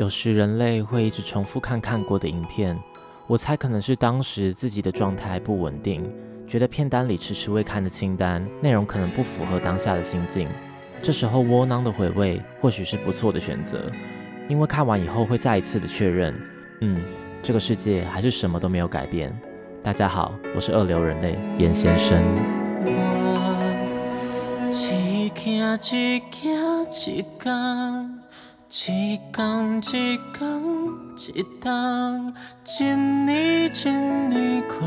有時人類會一直重複看看過的影片，我猜可能是當時自己的狀態不穩定，覺得片單裡遲遲未看的清單內容可能不符合當下的心境，這時候窩囊的回味或許是不錯的選擇，因為看完以後會再一次的確認，嗯，這個世界還是什麼都沒有改變。大家好，我是二流人類嚴先生。幾缸幾缸幾檔，親難真你過，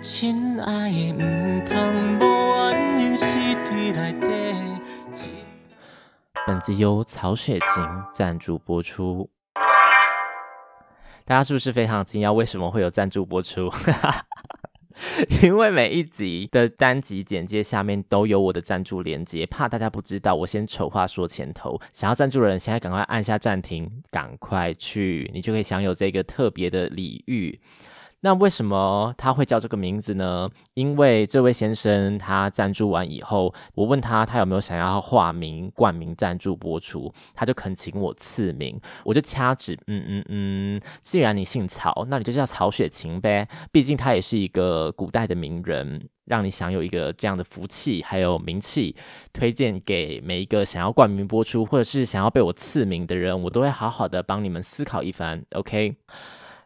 真愛不通無原因死在內底。本集由曹雪芹贊助播出，大家是不是非常驚訝？為什麼會有贊助播出？ 因為每一集的單集簡介下面都有我的贊助連結，怕大家不知道，我先醜話說前頭，想要贊助的人現在趕快按下暫停，趕快去，你就可以享有這個特別的禮遇。那為什麼他會叫這個名字呢？因為這位先生他贊助完以後，我問他他有沒有想要化名冠名贊助播出，他就懇請我賜名，我就掐指，嗯嗯嗯，既然你姓曹，那你就叫曹雪芹唄。畢竟他也是一個古代的名人，讓你享有一個這樣的福氣還有名氣。推薦給每一個想要冠名播出或者是想要被我賜名的人，我都會好好的幫你們思考一番。OK。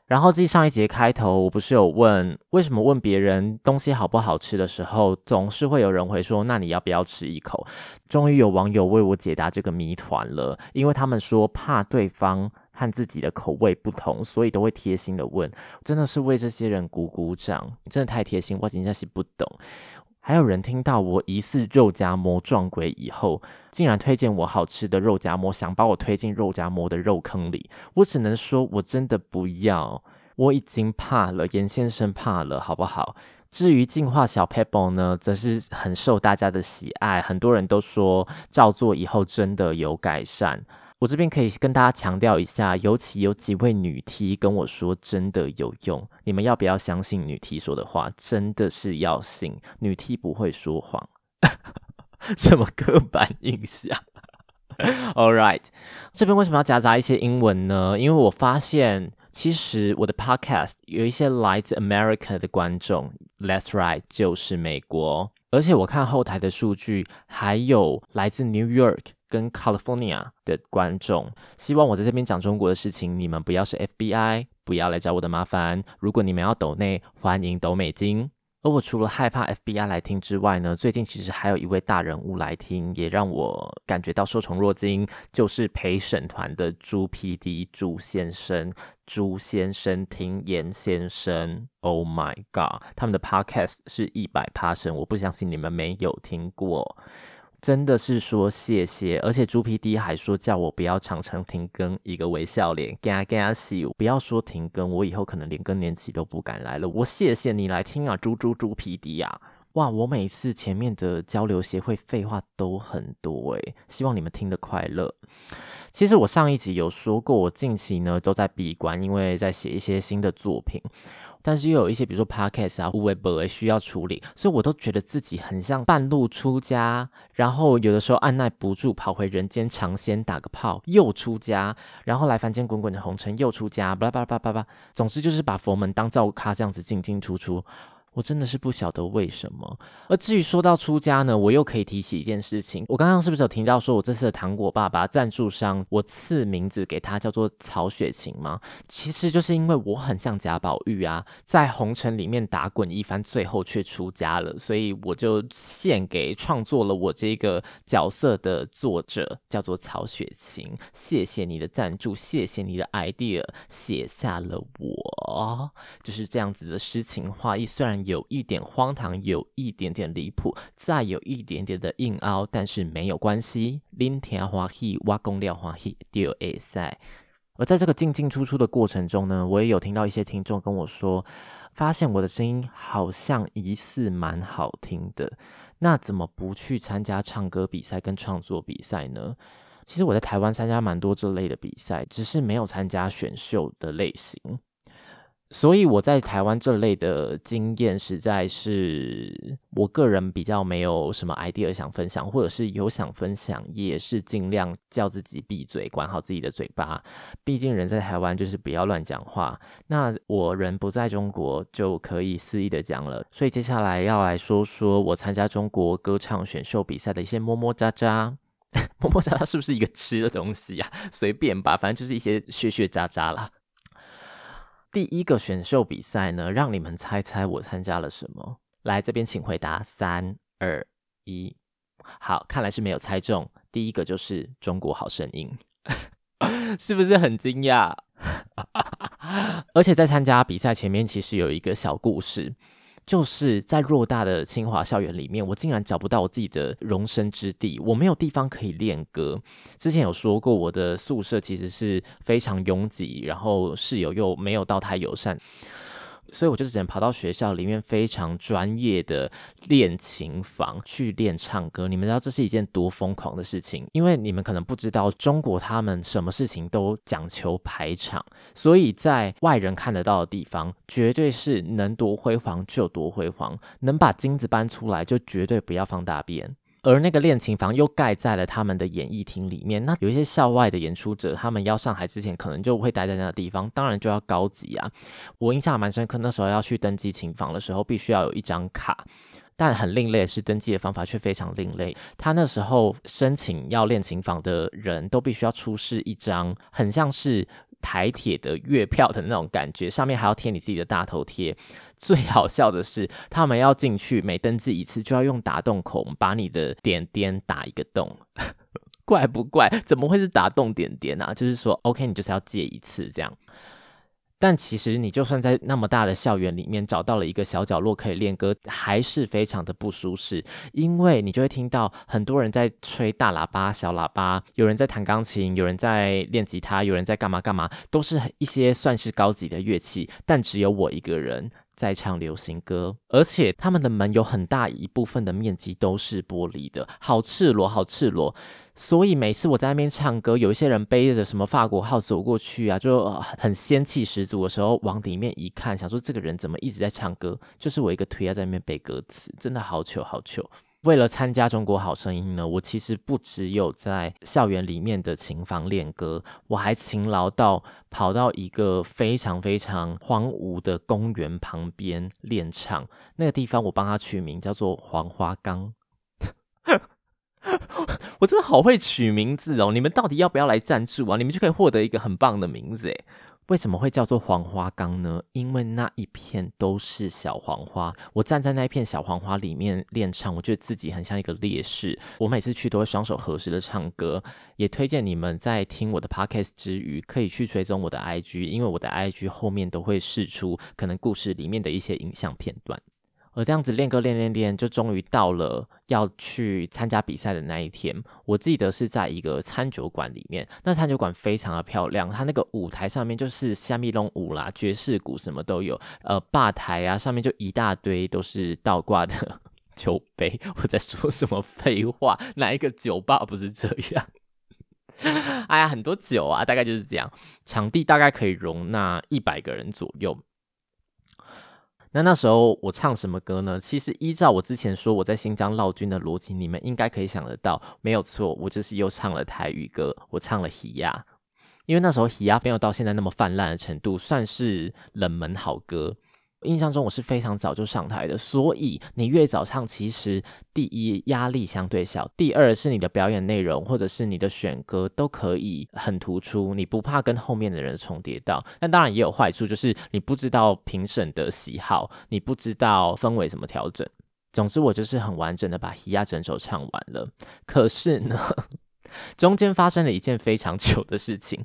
然後繼上一節開頭，我不是有問為什麼問別人東西好不好吃的時候，總是會有人會說，那你要不要吃一口？終於有網友為我解答這個謎團了，因為他們說怕對方和自己的口味不同，所以都會貼心的問，真的是為這些人鼓鼓掌，真的太貼心，我真的是不懂。還有人聽到我疑似肉夾饃撞鬼以後，竟然推薦我好吃的肉夾饃，想把我推進肉夾饃的肉坑裡，我只能說我真的不要，我已經怕了，嚴先生怕了，好不好？至於淨化小 Pebble 呢，則是很受大家的喜愛，很多人都說照做以後真的有改善。我這邊可以跟大家強調一下，尤其有幾位女 T 跟我說真的有用，你們要不要相信女 T 說的話？真的是要信，女 T 不會說謊。 什麼刻板印象？All right，這邊為什麼要夾雜一些英文呢？因為我發現其實我的 Podcast 有一些來自 America 的觀眾，That's right，就是美國，而且我看後台的數據還有來自 New York。跟 California 的觀眾，希望我在這邊講中國的事情，你們不要是 FBI，不要來找我的麻煩。如果你們要抖內，歡迎抖美金。而我除了害怕 FBI 來聽之外呢，最近其實還有一位大人物來聽，也讓我感覺到受寵若驚，就是陪審團的朱 PD 朱先生、朱先生、聽嚴先生。Oh my god，他們的 podcast 是一百趴聲，我不相信你們沒有聽過。真的是說謝謝，而且豬皮迪還說叫我不要常常停更，一個微笑臉，給啊給啊洗，不要說停更，我以後可能連更年期都不敢來了。我謝謝你來聽啊，豬豬豬皮迪啊。哇！我每次前面的交流協會廢話都很多哎，欸，希望你們聽得快樂。其實我上一集有說過，我近期呢都在閉關，因為在寫一些新的作品，但是又有一些比如說 podcast 啊，微博需要處理，所以我都覺得自己很像半路出家，然後有的時候按捺不住跑回人間嘗鮮打個炮，又出家，然後來凡間滾滾的紅塵，又出家，巴拉巴拉巴拉巴，總之就是把佛門當灶咖這樣子進進出出。我真的是不曉得為什麼。而至於說到出家呢，我又可以提起一件事情。我剛剛是不是有聽到說我這次的糖果爸爸贊助商，我賜名字給他叫做曹雪芹嗎？其實就是因為我很像賈寶玉啊，在紅塵裡面打滾一番，最後卻出家了，所以我就獻給創作了我這個角色的作者，叫做曹雪芹。謝謝你的贊助，謝謝你的 idea，寫下了我，就是這樣子的詩情畫意。雖然。有一點荒唐，有一點點離譜，再有一點點的硬凹，但是沒有關係。拎田花戲挖工料花戲丟 A 賽。而在這個進進出出的過程中呢，我也有聽到一些聽眾跟我說，發現我的聲音好像疑似蠻好聽的。那怎麼不去參加唱歌比賽跟創作比賽呢？其實我在台灣參加蠻多這類的比賽，只是沒有參加選秀的類型。所以我在台灣這類的經驗，實在是我個人比較沒有什麼 idea 想分享，或者是有想分享，也是盡量叫自己閉嘴，管好自己的嘴巴。畢竟人在台灣就是不要亂講話，那我人不在中國就可以肆意的講了。所以接下來要來說說我參加中國歌唱選秀比賽的一些摸摸渣渣， 摸摸渣渣是不是一個吃的東西呀、啊？隨便吧，反正就是一些血血渣渣啦。第一個選秀比賽呢，讓你們猜猜我參加了什麼？來，這邊請回答，三二一，好，看來是沒有猜中。第一個就是《中國好聲音，》 是不是很驚訝？ 而且在參加比賽前面，其實有一個小故事。就是在偌大的清華校園裡面，我竟然找不到我自己的容身之地。我沒有地方可以練歌。之前有說過，我的宿舍其實是非常擁擠，然後室友又沒有到太友善。所以我就只能跑到學校裡面非常專業的練琴房去練唱歌。你們知道這是一件多瘋狂的事情？因為你們可能不知道，中國他們什麼事情都講求排場，所以在外人看得到的地方，絕對是能多輝煌就多輝煌，能把金子搬出來就絕對不要放大便。而那個練琴房又蓋在了他們的演藝廳裡面。那有一些校外的演出者，他們要上台之前，可能就會待在那個地方，當然就要高級啊。我印象蠻深刻，那時候要去登記琴房的時候，必須要有一張卡，但很另類，是登記的方法卻非常另類。他那時候申請要練琴房的人都必須要出示一張，很像是。台鐵的月票的那種感覺，上面還要貼你自己的大頭貼。最好笑的是，他們要進去，每登記一次就要用打洞孔把你的點點打一個洞， 怪不怪？怎麼會是打洞點點啊？就是說，OK，你就是要借一次這樣。但其實你就算在那麼大的校園裡面找到了一個小角落可以練歌，還是非常的不舒適，因為你就會聽到很多人在吹大喇叭、小喇叭，有人在彈鋼琴，有人在練吉他，有人在幹嘛幹嘛，都是一些算是高級的樂器，但只有我一個人，在唱流行歌，而且他們的門有很大一部分的面積都是玻璃的，好赤裸，好赤裸。所以每次我在那邊唱歌，有一些人背着什麼法國號走過去啊，就，呃，很仙氣十足的時候，往裡面一看，想說這個人怎麼一直在唱歌？就是我一個推啊在那邊背歌詞，真的好糗，好糗。為了參加中國好聲音呢，我其實不只有在校園裡面的琴房練歌，我還勤勞到跑到一個非常非常荒蕪的公園旁邊練唱。那個地方我幫他取名叫做黃花崗， 我真的好會取名字哦！你們到底要不要來贊助啊？你們就可以獲得一個很棒的名字哎。為什麼會叫做黃花崗呢？因為那一片都是小黃花，我站在那一片小黃花裡面練唱，我覺得自己很像一個烈士。我每次去都會雙手合十的唱歌，也推薦你們在聽我的 podcast 之餘，可以去追蹤我的 IG，因為我的 IG 後面都會釋出可能故事裡面的一些影像片段。我這樣子練歌練練練，就終於到了要去參加比賽的那一天。我記得是在一個餐酒館裡面，那餐酒館非常的漂亮。它那個舞台上面就是蝦米龍舞啦、爵士鼓什麼都有。呃，吧台啊上面就一大堆都是倒掛的酒杯。我在說什麼廢話？哪一個酒吧不是這樣？哎呀，很多酒啊，大概就是這樣。場地大概可以容納一百個人左右。那那時候我唱什麼歌呢？其實依照我之前說我在新疆勞軍的邏輯，你們應該可以想得到，沒有錯，我就是又唱了台語歌，我唱了《喜亞》，因為那時候《喜亞》沒有到現在那麼泛濫的程度，算是冷門好歌。印象中我是非常早就上台的，所以你越早唱，其實第一壓力相對小，第二是你的表演內容或者是你的選歌都可以很突出，你不怕跟後面的人重疊到。但當然也有壞處，就是你不知道評審的喜好，你不知道氛圍怎麼調整。總之，我就是很完整的把《西亞》整首唱完了。可是呢， 中間發生了一件非常糗的事情，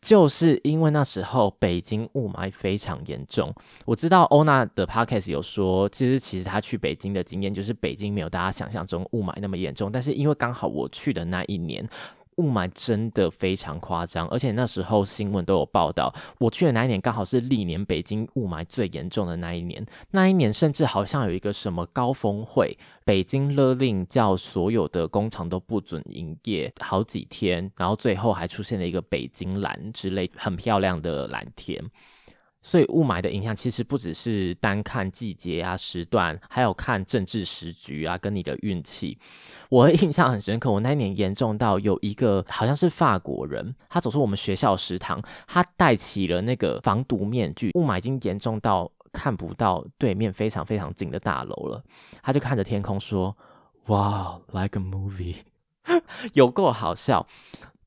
就是因為那時候北京霧霾非常嚴重。我知道歐娜的 podcast 有說，其實其實她去北京的經驗就是北京沒有大家想象中霧霾那麼嚴重，但是因為剛好我去的那一年。霧霾真的非常誇張，而且那時候新聞都有報道。我去的那一年，剛好是歷年北京霧霾最嚴重的那一年。那一年甚至好像有一個什麼高峰會，北京勒令叫所有的工廠都不准營業好幾天，然後最後還出現了一個“北京藍”之類很漂亮的藍天。所以霧霾的影響其實不只是單看季節啊、時段，還有看政治時局啊，跟你的運氣。我的印象很深刻，我那一年嚴重到有一個好像是法國人，他走出我們學校食堂，他戴起了那個防毒面具。霧霾已經嚴重到看不到對面非常非常近的大樓了，他就看着天空說：“哇，wow，like a movie， 有夠好笑。”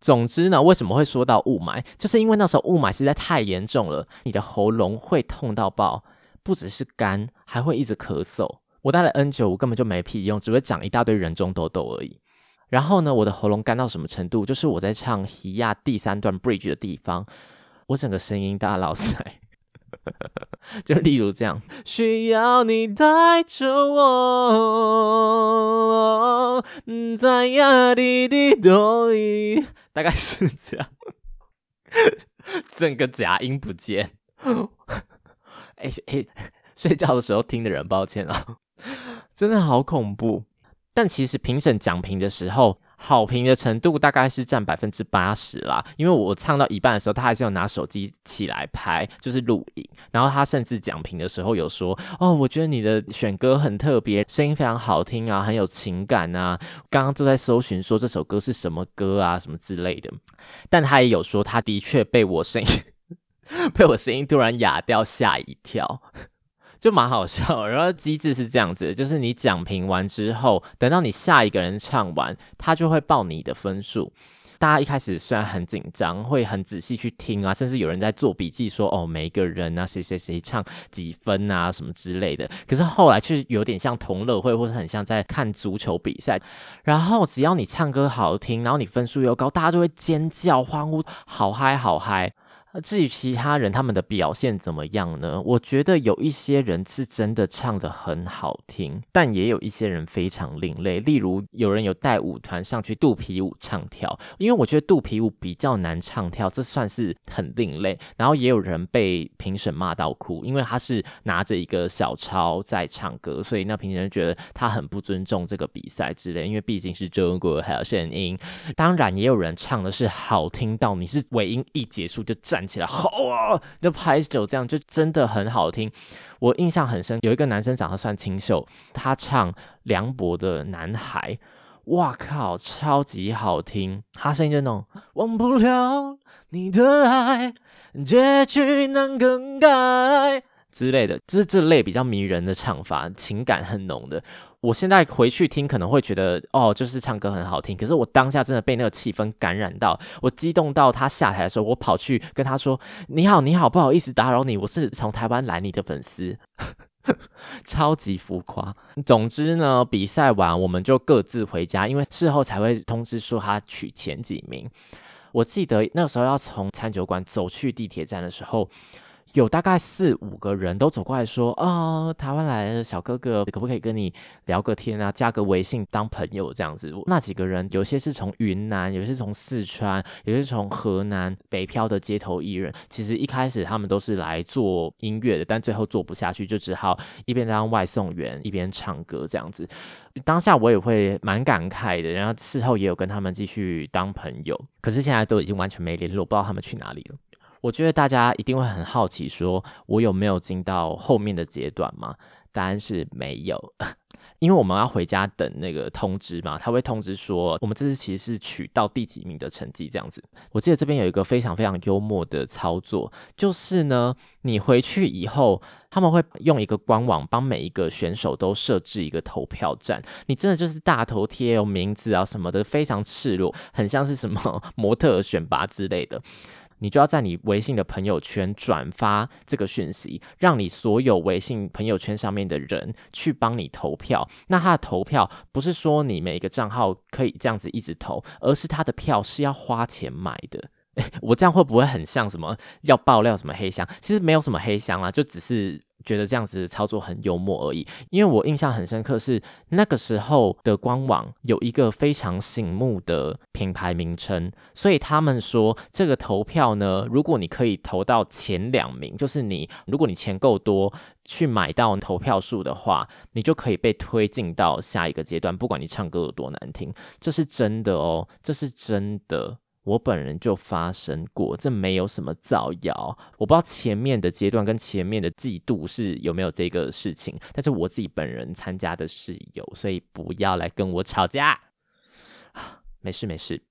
總之呢，為什麼會說到霧霾？就是因為那時候霧霾實在太嚴重了，你的喉嚨會痛到爆，不只是乾，還會一直咳嗽。我戴了 N 九五根本就沒屁用，只會長一大堆人中痘痘而已。然後呢，我的喉嚨乾到什麼程度？就是我在唱《西亞》第三段 Bridge 的地方，我整個聲音大落賽。 就例如這樣，需要你帶着我，在亞利的冬大概是這樣。整個假音不見、哎。哎睡覺的時候聽的人，抱歉啊，真的好恐怖。但其實評審講評的時候。好評的程度大概是佔百分之八十啦，因為我唱到一半的時候，他還是要拿手機起來拍，就是錄影。然後他甚至講評的時候有說：“哦，我覺得你的選歌很特別，聲音非常好聽啊，很有情感啊。”剛剛正在搜尋說這首歌是什麼歌啊，什麼之類的。但他也有說，他的確被我聲音 被我聲音突然啞掉嚇一跳。就蠻好笑，然後機制是這樣子的，就是你講評完之後，等到你下一個人唱完，他就會報你的分數。大家一開始雖然很緊張，會很仔細去聽啊，甚至有人在做筆記說，說哦，每一個人啊，誰誰誰唱幾分啊，什麼之類的。可是後來卻有點像同樂會，或者很像在看足球比賽。然後只要你唱歌好聽，然後你分數又高，大家就會尖叫歡呼，好嗨好嗨。至於其他人，他們的表現怎麼樣呢？我覺得有一些人是真的唱得很好聽，但也有一些人非常另類。例如有人有帶舞團上去肚皮舞唱跳，因為我覺得肚皮舞比較難唱跳，這算是很另類。然後也有人被評審罵到哭，因為他是拿着一個小抄在唱歌，所以那評審就覺得他很不尊重這個比賽之類。因為畢竟是中國好聲音，當然也有人唱的是好聽到你是尾音一結束就站起來好啊，就拍手這樣，就真的很好聽。我印象很深，有一個男生長得算清秀，他唱梁博的《男孩》，哇靠，超級好聽。他聲音就那種“忘不了你的愛，結局難更改”之類的就是這類比較迷人的唱法，情感很濃的。我現在回去聽可能會覺得哦，就是唱歌很好聽。可是我當下真的被那個氣氛感染到，我激動到他下台的時候，我跑去跟他說：“你好，你好，不好意思打擾你，我是從台灣來你的粉絲， 超級浮誇。”總之呢，比賽完我們就各自回家，因為事後才會通知說他取前幾名。我記得那個時候要從餐酒館走去地鐵站的時候。有大概四五個人都走過來說，啊、哦，台灣來的小哥哥，可不可以跟你聊個天啊，加個微信當朋友這樣子。那幾個人有些是從雲南，有些從四川，有些從河南，北漂的街頭藝人。其實一開始他們都是來做音樂的，但最後做不下去，就只好一邊當外送員，一邊唱歌這樣子。當下我也會蠻感慨的，然後事後也有跟他們繼續當朋友，可是現在都已經完全沒聯絡，不知道他們去哪裡了。我覺得大家一定會很好奇，說我有沒有進到後面的階段嗎？答案是沒有， 因為我們要回家等那個通知嘛。他會通知說，我們這次其實是取到第幾名的成績，這樣子。我記得這邊有一個非常非常幽默的操作，就是呢，你回去以後，他們會用一個官網幫每一個選手都設置一個投票站。你真的就是大頭貼哦，名字啊什麼的，非常赤裸，很像是什麼模特選拔之類的。你就要在你微信的朋友圈轉發這個訊息，讓你所有微信朋友圈上面的人去幫你投票。那他的投票不是說你每一個賬號可以這樣子一直投，而是他的票是要花錢買的。 我這樣會不會很像什麼要爆料什麼黑箱？其實沒有什麼黑箱啦、啊，就只是。覺得這樣子的操作很幽默而已，因為我印象很深刻是那個時候的官網有一個非常醒目的品牌名稱，所以他們說這個投票呢，如果你可以投到前兩名，就是你如果你錢夠多去買到投票數的話，你就可以被推進到下一個階段，不管你唱歌有多難聽，這是真的哦，這是真的。我本人就發生過，這沒有什麼造謠。我不知道前面的階段跟前面的季度是有沒有這個事情，但是我自己本人參加的是有，所以不要來跟我吵架。沒事沒事，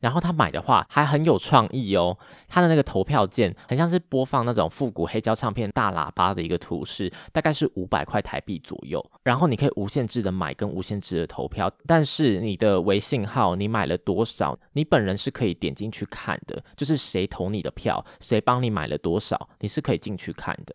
然後他買的話還很有創意哦，他的那個投票鍵很像是播放那種復古黑膠唱片大喇叭的一個圖示，大概是五百塊台幣左右。然後你可以無限制的買跟無限制的投票，但是你的微信號你買了多少，你本人是可以點進去看的，就是誰投你的票，誰幫你買了多少，你是可以進去看的。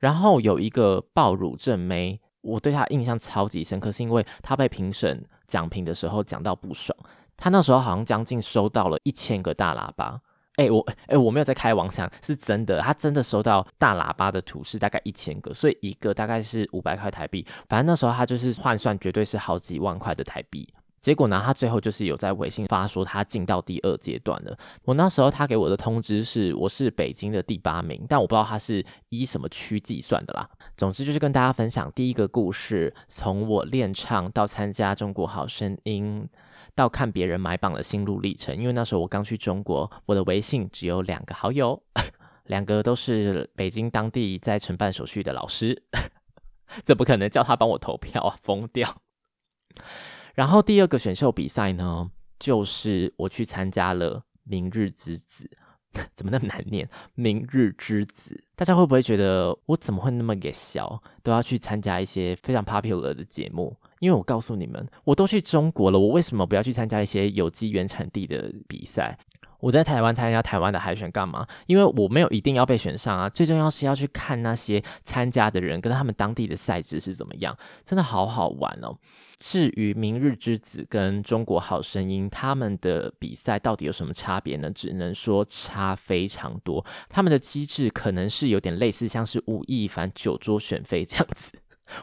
然後有一個爆乳正妹，我對她印象超級深刻，是因為她被評審講評的時候講到不爽，他那時候好像將近收到了一千個大喇叭。哎、欸，我哎、欸、我沒有在開玩笑，是真的，他真的收到大喇叭的圖是大概一千個，所以一個大概是五百塊台幣，反正那時候他就是換算絕對是好幾萬塊的台幣。結果呢？他最後就是有在微信發說他進到第二階段了。我那時候他給我的通知是我是北京的第八名，但我不知道他是以什麼區計算的啦。總之就是跟大家分享第一個故事：從我練唱到參加中國好聲音，到看別人買榜的心路歷程。因為那時候我剛去中國，我的微信只有兩個好友，兩個都是北京當地在承辦手續的老師。這不可能叫他幫我投票啊！瘋掉。然後第二個選秀比賽呢，就是我去參加了《明日之子，》 怎麼那麼難念？《明日之子》，大家會不會覺得我怎麼會那麼搞笑，都要去參加一些非常 popular 的節目？因為我告訴你們，我都去中國了，我為什麼不要去參加一些有機原產地的比賽？我在台灣參加台灣的海選幹嘛？因為我沒有一定要被選上啊。最重要是要去看那些參加的人跟他們當地的賽制是怎麼樣，真的好好玩哦。至於《明日之子》跟《中國好聲音》，他們的比賽到底有什麼差別呢？只能說差非常多。他們的機制可能是有點類似，像是吳亦凡酒桌選妃這樣子。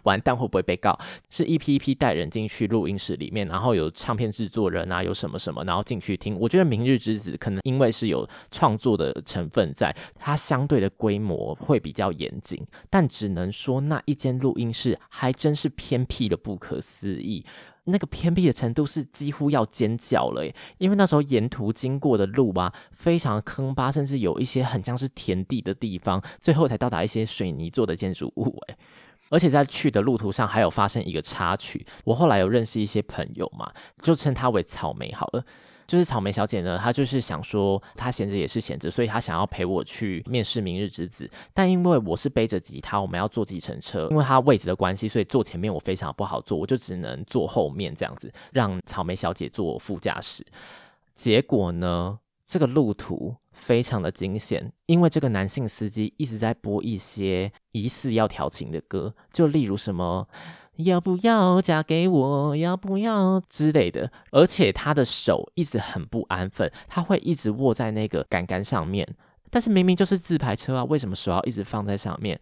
完蛋，會不會被告？是一批一批帶人進去錄音室裡面，然後有唱片製作人啊，有什麼什麼，然後進去聽。我覺得《明日之子》可能因為是有創作的成分在，它相對的規模會比較嚴謹。但只能說那一間錄音室還真是偏僻的不可思議，那個偏僻的程度是幾乎要尖叫了。因為那時候沿途經過的路啊，非常坑巴，甚至有一些很像是田地的地方，最後才到達一些水泥做的建築物。哎。而且在去的路途上還有發生一個插曲，我後來有認識一些朋友嘛，就稱她為草莓好了，就是草莓小姐呢，她就是想說她閒着也是閒着，所以她想要陪我去面試明日之子，但因為我是背着吉他，我們要坐計程車，因為她位置的關係，所以坐前面我非常不好坐，我就只能坐後面這樣子，讓草莓小姐坐副駕駛，結果呢？這個路途非常的驚險，因為這個男性司機一直在播一些疑似要調情的歌，就例如什麼“要不要嫁給我」、“要不要」之類的。而且他的手一直很不安分，他會一直握在那個桿桿上面。但是明明就是自排車啊，為什麼手要一直放在上面？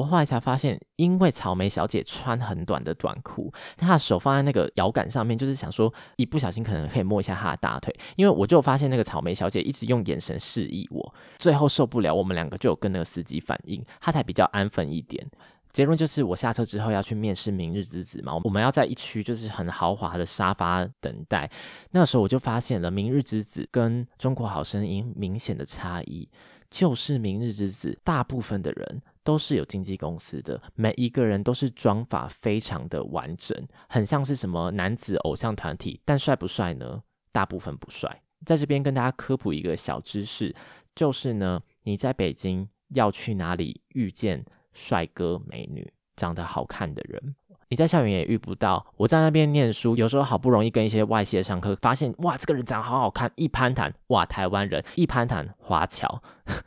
我後來才發現，因為草莓小姐穿很短的短褲，她的手放在那個搖桿上面，就是想說一不小心可能可以摸一下她的大腿。因為我就發現那個草莓小姐一直用眼神示意我，最後受不了，我們兩個就有跟那個司機反應，她才比較安分一點。結論就是，我下車之後要去面試明日之子嘛，我們要在一區就是很豪華的沙發等待。那時候我就發現了明日之子跟中國好聲音明顯的差異，就是明日之子大部分的人。都是有經紀公司的，每一個人都是妝髮非常的完整，很像是什麼男子偶像團體，但帥不帥呢？大部分不帥。在這邊跟大家科普一個小知識，就是呢，你在北京要去哪裡遇見帥哥美女、長得好看的人？你在校園也遇不到，我在那邊念書，有時候好不容易跟一些外系的上課，發現哇，這個人長得好好看，一攀談哇，台灣人，一攀談華僑，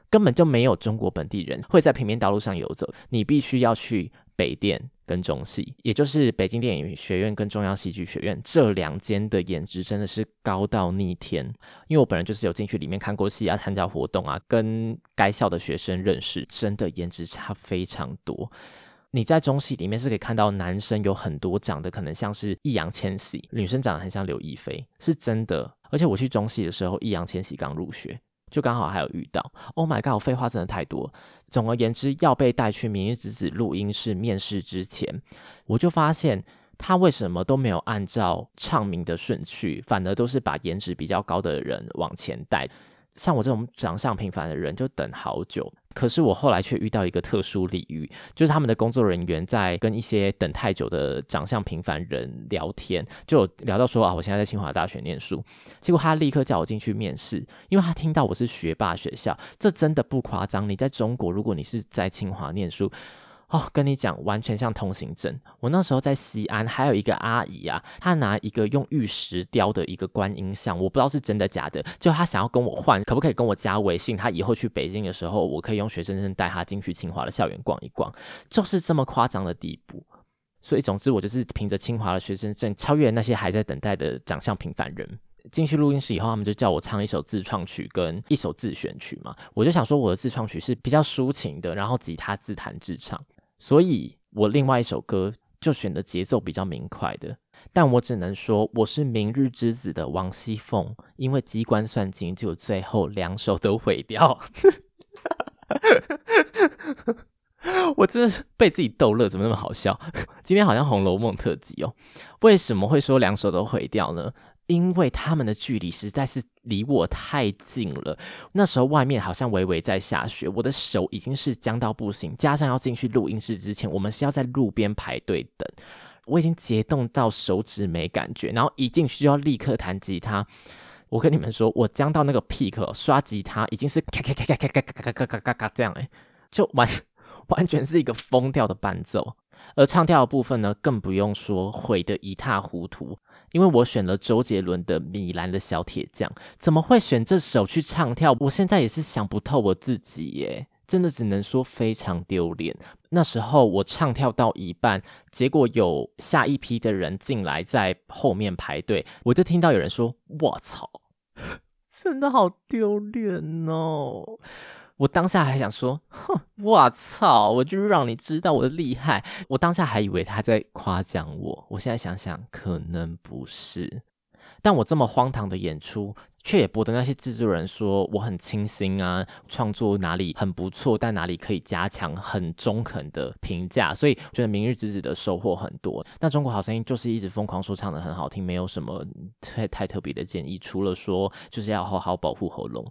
根本就沒有中國本地人會在平面道路上游走。你必須要去北電跟中戲，也就是北京電影學院跟中央戲劇學院，這兩間的顏值真的是高到逆天。因為我本人就是有進去裡面看過戲啊，參加活動啊，跟該校的學生認識，真的顏值差非常多。你在中戲裡面是可以看到男生有很多長得可能像是易烊千璽，女生長得很像劉亦菲，是真的。而且我去中戲的時候，易烊千璽剛入學，就剛好還有遇到。Oh my god，我廢話真的太多。總而言之，要被帶去明日之子錄音室面試之前，我就發現他為什麼都沒有按照唱名的順序，反而都是把顏值比較高的人往前帶。像我這種長相平凡的人就等好久，可是我後來卻遇到一個特殊禮遇，就是他們的工作人員在跟一些等太久的長相平凡人聊天，就聊到說啊，我現在在清華大學念書，結果他立刻叫我進去面試，因為他聽到我是學霸學校，這真的不誇張。你在中國，如果你是在清華念書。哦，跟你講，完全像通行證。我那時候在西安，還有一個阿姨啊，她拿一個用玉石雕的一個觀音像，我不知道是真的假的。就她想要跟我換，可不可以跟我加微信？她以後去北京的時候，我可以用學生證帶她進去清華的校園逛一逛，就是這麼誇張的地步。所以，總之我就是憑着清華的學生證，超越那些還在等待的長相平凡人。進去錄音室以後，他們就叫我唱一首自創曲跟一首自選曲嘛。我就想說，我的自創曲是比較抒情的，然後吉他自彈自唱。所以我另外一首歌就選的節奏比較明快的，但我只能說我是《明日之子》的王熙鳳，因為機關算盡，就最後兩首都毀掉。 我真的是被自己逗樂，怎麼那麼好笑？今天好像《紅樓夢》特輯哦？為什麼會說兩首都毀掉呢？因為他們的距離實在是離我太近了。那時候外面好像微微在下雪，我的手已經是僵到不行。加上要進去錄音室之前，我們是要在路邊排隊等，我已經結凍到手指沒感覺。然後一進去就要立刻彈吉他，我跟你們說，我僵到那個 peak 哦，刷吉他已經是咔咔咔咔咔咔咔咔咔咔咔咔這樣誒，就完完全是一個瘋掉的伴奏。而唱跳的部分呢，更不用說毀得一塌糊塗，因為我選了周傑倫的《米蘭的小鐵匠》，怎麼會選這首去唱跳？我現在也是想不透我自己耶，真的只能說非常丟臉。那時候我唱跳到一半，結果有下一批的人進來在後面排隊，我就聽到有人說：“我操，真的好丟臉哦！”我當下還想說，哼，我操，我就讓你知道我的厲害。我當下還以為他在誇獎我，我現在想想可能不是。但我這麼荒唐的演出，卻也博得那些製作人說我很清新啊，創作哪裡很不錯，但哪裡可以加強，很中肯的評價。所以覺得《明日之子》的收穫很多。那中國好聲音就是一直瘋狂說唱的很好聽，沒有什麼太太特別的建議，除了說就是要好好保護喉嚨。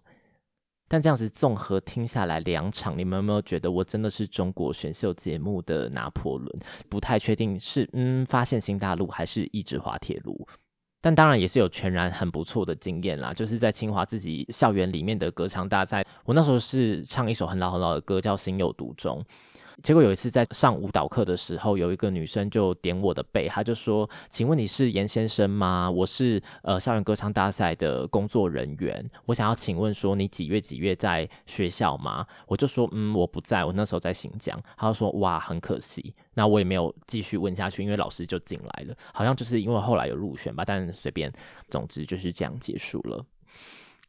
但這樣子綜合聽下來兩場，你們有沒有覺得我真的是中國選秀節目的拿破崙？不太確定是嗯發現新大陸，還是一路滑鐵盧？但當然也是有全然很不錯的經驗啦，就是在清華自己校園裡面的歌唱大賽，我那時候是唱一首很老很老的歌，叫《心有獨鍾》。結果有一次在上舞蹈課的時候，有一個女生就點我的背，她就說：“請問你是嚴先生嗎？我是呃校園歌唱大賽的工作人員，我想要請問說你幾月幾月在學校嗎？”我就說：“嗯，我不在，我那時候在新疆。”她就說：“哇，很可惜。”那我也沒有繼續問下去，因為老師就進來了，好像就是因為後來有入選吧，但隨便，總之就是這樣結束了。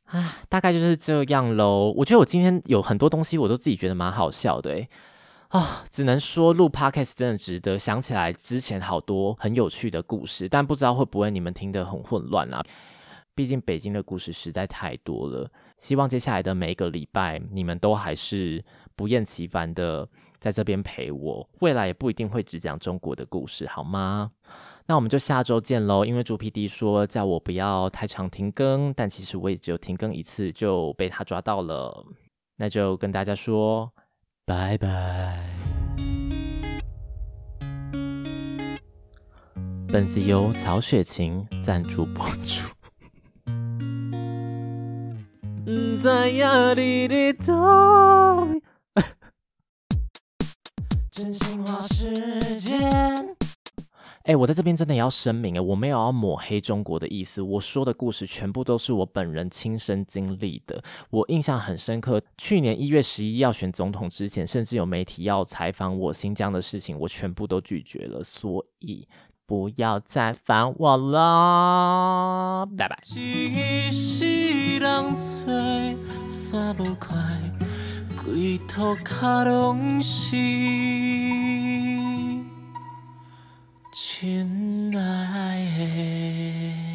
啊，大概就是這樣嘍。我覺得我今天有很多東西我都自己覺得蠻好笑的欸。啊、哦，只能說錄 podcast 真的值得。想起來之前好多很有趣的故事，但不知道會不會你們聽得很混亂啊。畢竟北京的故事實在太多了。希望接下來的每一個禮拜，你們都還是不厭其煩的在這邊陪我。未來也不一定會只講中國的故事，好嗎？那我們就下周見嘍。因為豬 PD 說叫我不要太常停更，但其實我也只有停更一次就被他抓到了。那就跟大家說。拜拜。本集由曹雪芹贊助播出、 嗯。在壓力裡頭， 真心話世界。哎，我在這邊真的也要聲明哎，我沒有要抹黑中國的意思。我說的故事全部都是我本人親身經歷的，我印象很深刻。去年一月十一要選總統之前，甚至有媒體要採訪我新疆的事情，我全部都拒絕了。所以不要再煩我了，拜拜。親愛的。